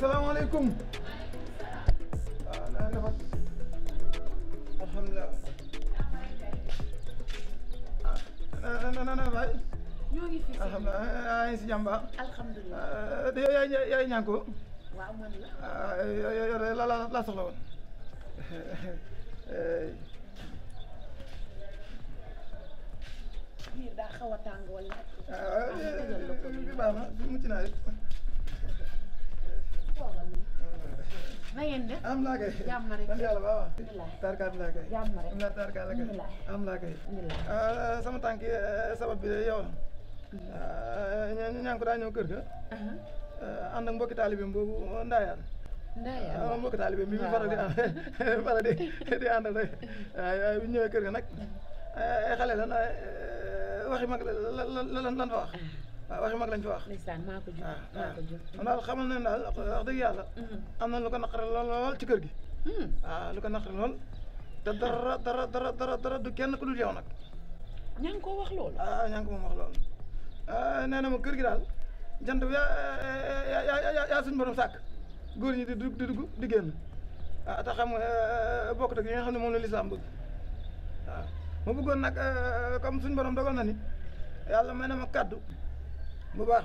salaamaaleykum. waaw naa ne fat alhamdulilah. ah na na na waay. ñoo ngi fi alhamdulilah si jàmm ba. alhamdulilah. te yow yaay yaay ñànko. waaw man la. yow la la la soxla woon. biir daa xaw a tàng wala. baax na mucc naa rek. na ngeen def am laa kay jàmm rek sant yàlla baax tarkaal bi laa kay jàmm rek am laa tarkaal la kay am laa kay ah, sama tànk eh, sabab bi yow la ah, ñaan ko daa ñëw kër ga uh-huh. ah, ànd ak mbokki taalibeem boobu ndaayaan uh, ndaayaan mbokki taalibeem bi mu faral di ànd faral di di ànd rek waaye bu ñëwee kër ga nag uh-huh. ay xale lan eh, waxi mag lan lan lan fa wax uh-huh. waaw ah, waxi mag lañ fi wax. ndeysaan maa ko jur ah, ah. maa ko jur. kon daal xamal nañ daal wax dëgg yàlla. Mm-hmm. am na lu ko naqare lool lool ci kër gi. waaw mm-hmm. lu ko naqare lool. te dara dara dara dara dara du kenn ku dul yow nag. ñaa ngi ko wax loolu. ah ñaa ngi ko wax loolu. nee na ma kër gi daal jant bi yaa yaa yaa suñu borom sàkk góor ñi di dugg di dugg di génn ah te xam nga eh, eh, bokkut ak yi nga xam ne moom la lislaam bëgg waaw ma bëggoon nag eh, comme suñu borom dogal na ni yàlla may ma kàddu. bu baax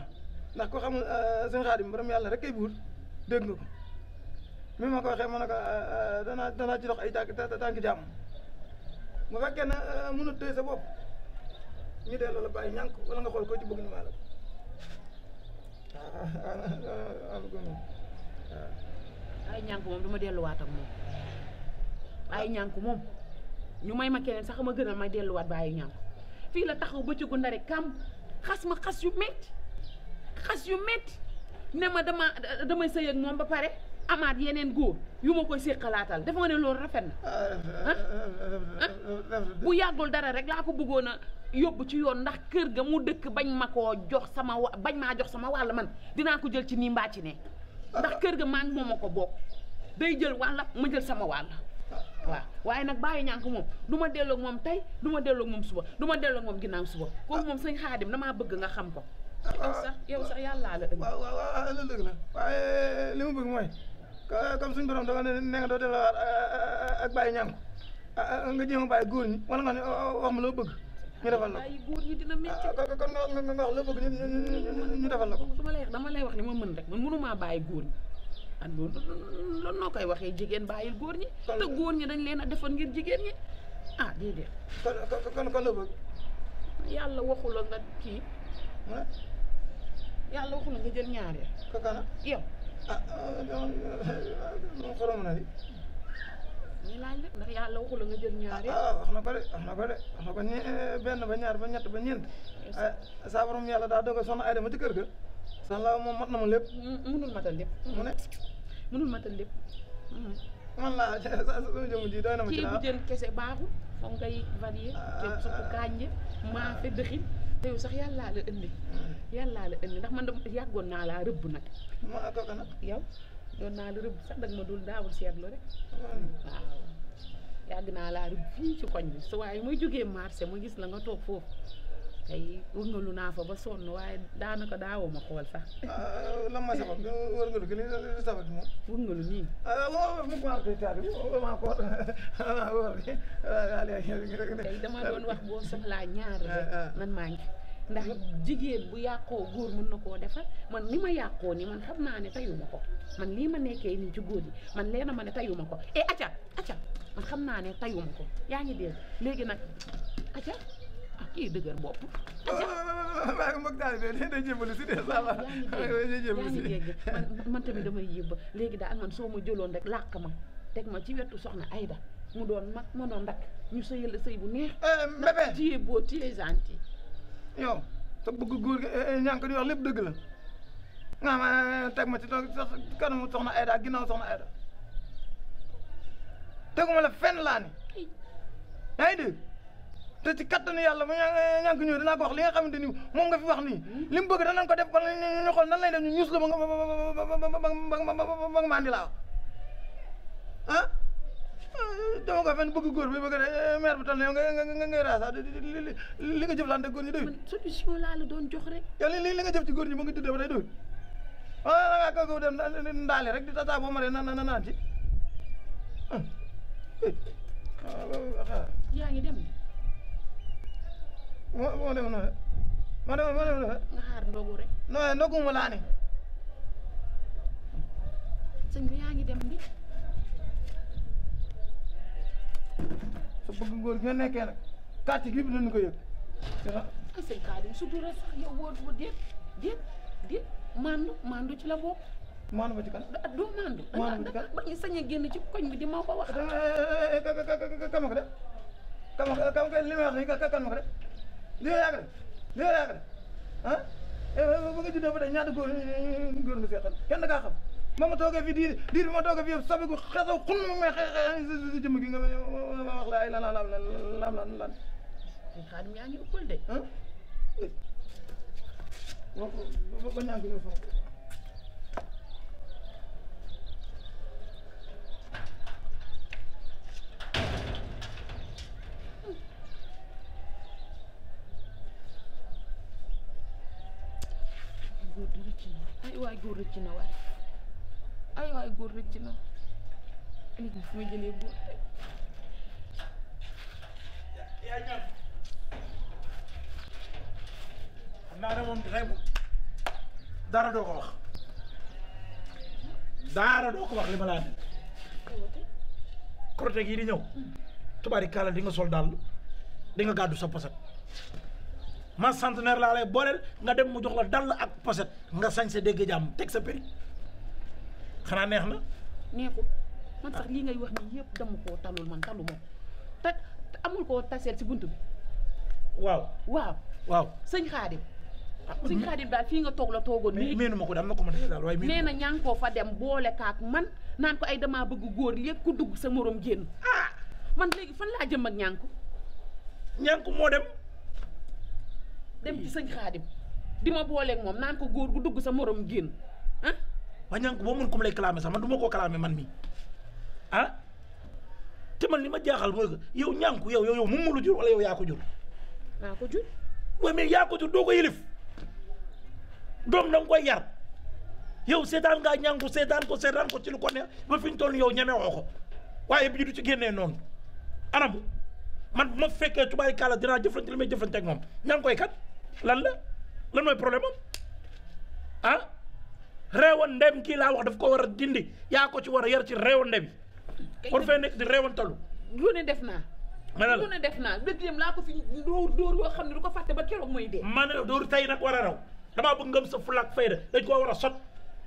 ndax ko xamul euh, sëñ Xaadim borom yàlla rekk kay buur dégg nga ko mi ma ko waxee ma ne ko euh, euh, danaa danaa ci dox ay tànk tànk jàmm bu fekkee ne mënut tëye sa bopp ñu delloo la bàyyi ñànk wala nga xool ko ci bëgg ñu ah, ah, ah, ñànk moom du ma delluwaat ak ñànk moom ñu may ma keneen sax a ma gënal may delluwaat ba ay ñànk fii la taxaw bëccëgu ndare kam xas ma xas yu métti xas yu metti ne ma dama damay sëy moom ba pare amaat yeneen góor yu ma koy séqalaatal dafa nga ne loolu rafet na ah, ah, ah. bu yàggul dara rek laa ko bëggoon a yóbbu ci yoon ndax kër ga mu dëkk bañ ma ko jox sama wa bañ maa jox sama wàll man dinaa ko jël ci nii mbaat ci ne ndax kër ga maa ngi moom ma ko bokk day jël wàll ma jël sama wàll waaw waaye nag bàyyi ñànk moom du ma delloo moom tey du ma delloo moom suba du ma delloo ak moom ginnaaw suba kooku moom sëñ xaadim damaa bëgg nga xam ko a sax yow sax yàllaa la la waaye eh, li mu bëgg mooy comme suñu borom dafa ne nga doo delloo ak bàyyi ñànk nga jéem góor ñi wala nga ne wax ma loo bëgg ñu defal la ko góor ñi dina métti ah, kon nga nga wax loo bëgg ñu defal la ko su ma lay dama lay wax ni ma mën rek man mënumaa bàyyi góor ak góor lan noo koy waxee jigéen bàyyil góor ñi kan te góor ñi dañ leen a defoon ngir jigéen ñi ah déedéet kon kon kon kan la bëgg yàlla waxul la nga kii yàlla waxul la nga jël ñaareel ya. kakana yow ah, ah, ah, ah xorom na di ñu laaj la ndax yàlla waxul la nga jël ñaareel ya. ah wax na ko de wax na ko de wax na ko eh, benn ba ñaar ba ñett ba ñeent sa borom yàlla daa dogal soxna Aïda ma ci kër ga Salla moom mat na ma lépp. mënul matal lépp. mu ne. mënul mm. na kese baaxul. foog ngay varié. Ah, ceeb ah, supp kànja ah. maafe dëxin. te yow sax yàllaa la indi. Mm. yàllaa la indi ndax man de yàggoon naa laa rëbb nag. ma ak kooka yow naa la rëbb sax dag ma dul daawul seetlu rek. Mm. waaw yàgg naa laa rëbb fii ci koñ bi su waaye muy jógee marché ma gis la nga toog foofu. kay wërngalu naa fa ba sonn waaye daanaka daawoo ma xool sax. Ah, lan ma sabab wërngalu gi li nii. Ah, waaw mu wax ah, tey taal bi dama doon wax boo soxlaa ñaar rek man maa ngi. ndax jigéen bu yàqoo góor mën na koo defar man ni ma yàqoo nii man xam naa ne tayuma ko man lii ma nekkee nii ci góor yi man leena ma ne tayuma ko e eh, acca acca man xam naa ne tayuma ko yaa ngi dégg léegi nag acca kii dëgër bopp. waaw moom taalibe nee na jébbalu si de ça va. man tamit damay yébb léegi daal man soo ma jëloon rek làq ma teg ma ci wetu soxna Ayda mu doon mag ma doon rak ñu sëyal sëy bu neex. Mbébé eh, téye boo téye gentil. yow sa bëgg góor gi eh, eh, ñànk di wax lépp dëgg la nga xam teg ma ci kanamu soxna Ayda ak ginnaaw soxna Ayda teguma la fenn laa ni yaa ngi te ci bang yalla ma bang ngi bang bang ko wax li nga xamanteni mom bang nga fi wax ni lim bëgg da bang ko def bang ñu xol nan lay def ñu bang lu ba bang ba bang bang bang bang dama ko bang bëgg bang bi bëgg bang bang bang bang bang bang nga nga bang bang li nga jëflante bang ñi doy solution bang la doon jox rek bang li bang nga jëf ci bang ñi ba bang bang ba bang doy ah bang bang bang dem bang rek di bang bang bang na na bang ci bang bang dem mo mo demoon na ma demoon ma demoon na. nga xaar ndogu rek. non ndogu ma laa ne. sëñ bi yaa ngi dem bi sa bëgg ngóor gi nga nekkee nag kàtti gi bi nañu ko yëg. ah sëñ Kadim surtout rek sax yow woo woo déet déet déet mandu mandu ci la bokk. maanu ma ci kan. doo maandu. maanu ma ci kan ba ñu sañ a génn ci koñ bi di ma ko wax. kama ko de kama kama li may wax nii kan ma ko de. li nga yaakaar li nga yaakaar ah eh, eh, ba nga juddoo ba tey ñaata góor eh, góor nga seqal kenn kaa xam ma ma toogee fii diir diir bi ma toogee fii yëpp sabigu xesaw xun ma may sa jëmm gi nga ma wax la ay lan lan lan lan lan lan. xaadim yaa ngi ëppal de. Ah? ba ba ñaa ngi ñëw foofu. rëcc na ay waay góor rëcc na waay ay waay góor rëcc na nit ñi wax dara doo ko wax li ma laa ne Korité gii di ñëw hmm. tubaari kàlla di nga sol daal di nga sa posat ma centenaire la lay booleel nga dem mu jox la dal ak poset nga sañ sa dégg jam tek sa prix xana neex na. neexul man sax li ngay wax ni yëpp dama ko talul man talu moom amul ko taseel ci buntu bi. waaw waaw. waaw señ Xaadim. Ah, señ Xaadim dal fi nga tok la toogoon. mais meenu ma ko ma def dal way nee na ñaa fa dem boole kaak man nan ko ay dama bëgg goor léegi ku dugg sa morom genn ah man léegi fan la jëm ak ñang ko. ñang ko mo dem. dem ci sëñ xaadim di ma booleek moom naan ko góor gu dugg sa morom génn ah. ma ñaan boo mën ku ma lay kalaame sax man du koo kalaame man mi ah te man li ma jaaxal mooy que yow ñànku yow yow yow moom moo la jur wala yow yaa ko jur. maa ko waaye mais yaa ko jur doo ko yëlif doom da nga koy yar yow seetaan ngaa ñànku seetaan ko seetaan ko ci lu ko ba fi ñu toll yow ñeme woo ko waaye bi du ci génnee noonu anam man bu ma fekkee tubaab kàlla dinaa jëflante li may moom ña lan la lan mooy problème am ah réewande bi kii laa wax daf ko war a dindi yaa ko ci war a yar ci réewande bi. war fee nekk di réewantalu. lu ne def naa. ma ne la lu ne def naa dëgg yam laa ko fi dóor dóor yoo xam ne du ko fàtte ba keroog mooy dee. ma tey nag war a raw damaa bëgg ngëm sa fulaak fayda dañ koo war a sot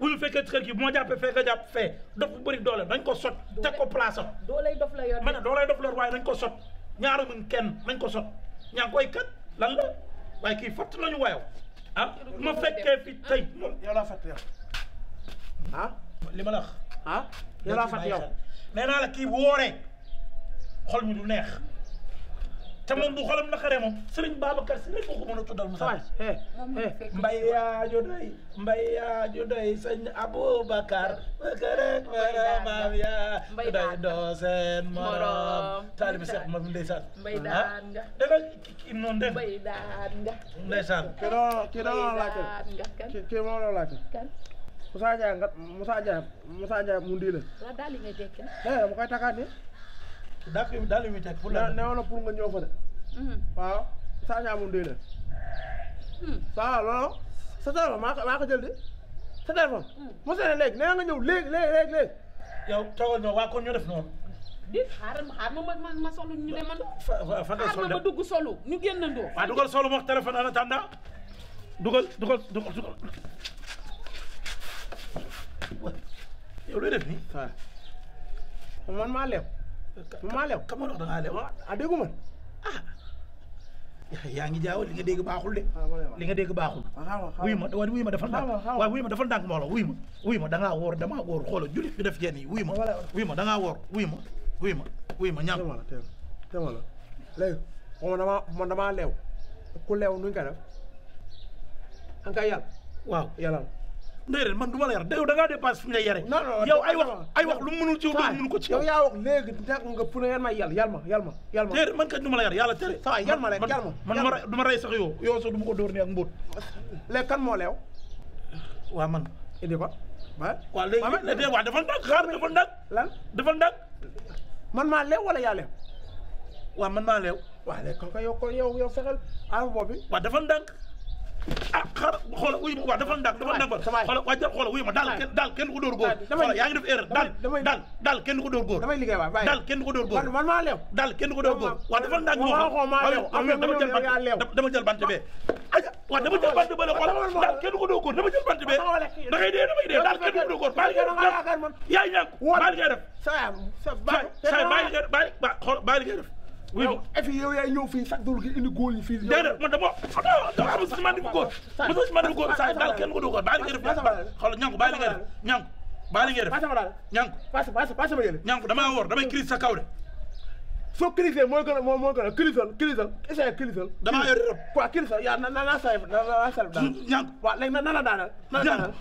bu fekkee ci kër kii moo ma jàppee fekk nga jàpp fee dof bu bëri doole dañ ko sot. teg ko place am doolay dof la yor ma ne doolay dof la yor waaye dañ ko sot ñaara mën kenn dañ ko sot ñaa ngi koy kat lan waaye kii fàtt nañu waayaw ah ma fekkee fi tey ah. yow laa fàtt yow ah li ma la wax ah yow laa fàtt yow nee naa la kii wooree xol mi du neex te moom bu xolam naqaree moom Serigne Babacar si rek moo ko mën a tuddal Moussa. mbay yaajo doy mbay yaajo doy sëñ Aboubacar. rek rek maam yaa doy doo seen morom. taalibi Seex ma ndeysaan. mbay ah, daan nga dana kii daan nga ndeysaan. kii doon kii doon laajte kii kii moo doon laajte. Moussa Ndiaye mu ndi la. waaw daa koy daal mi teg pour. nee woon na pour nga ñëw fa de. Mhm. waaw saa ñaamu ndey la. Hmm. waaw loolu sa téléphone maa ko jël de sa téléphone. Hmm. mos a ne léegi nee nga ñëw léegi léegi léegi. yow toogal ñoo waa kon ñu def noonu. di xaaral ma xaaral ma ma ma solu ñu ne man. fa fa xaaral ma dugg solu ñu génnandoo. waaw dugal solu wax téléphone en attendant dugal dugal dugal dugal. yow looy def nii. man maa leew. maa lew ka ma dox da ngaa lew ah déggu ma ah yaa ngi jaaw li nga dégg baaxul de ah, li nga dégg baaxul ah, wuy ma waaye wuy ma defal ndànk waaye wuy ma defal ndànk moo la wuy ma wuy ma da ngaa woor damaa woor xoolal julit bi def yenn yi wuy ma wuy ma da ngaa woor wuy ma wuy ma wuy ma ñaan tema la léegi moom dama man damaa leew ku leew nuñ ko def an kay waaw yàlla déedéet man du ma la yar dégg da ngaa ay wax ay wax lu mu mënul ci yow mënu ko ci yow yaa wax léegi nga pour yar ma yàlla yàlla ma yàlla ma yàlla ma déedéet man kat du la yar yàlla sa yàlla ma rek yàlla ma man du ma rey sax yow ma ko dóor ni ak mbóot léegi kan moo leew waa man indi ko waaw léegi waaw dafa ndànk xaar dafa lan dafa ndànk man naa leew wala yaa leew waaw man naa leew waaw léegi kon yow ko yow yow fexeel a boobu waaw dafa ndànk ah xaaral xoolal wuyu ma waaw dafa ndànk dafa ndànk xoolal waa jël xoolal wuyu ma daal kenn daal kenn ko dóor góor xoolal yaa ngi def erreur daal daal daal kenn ko dóor góor daal kenn ko dóor góor man maa leew daal kenn ko dóor góor waaw dafa ndànk moo xam dama jël bant ah. dama jël bant bee aja waaw dama jël bant bale xoolal daal kenn ko dóor góor dama jël bant bee da ngay dee damay dee daal kenn ko dóor góor baal ngay def yaay ñàkk baal ngay def sa sa baal ngay def oui et puis yow yaay ñëw fii chaque jour indi góor ñi fii. déedéet man dama xam nga dama amul si man di ko góor. mosul si man di ko góor saa daal kenn ko doo góor bàyyi li ngay def xoolal ñànku bàyyi li ngay def ñànku bàyyi li ngay def ñànku passe ma yéene ñànku damaa woor damay a a yaa na na naa say na naa say daal ñànku waaw na na la daanal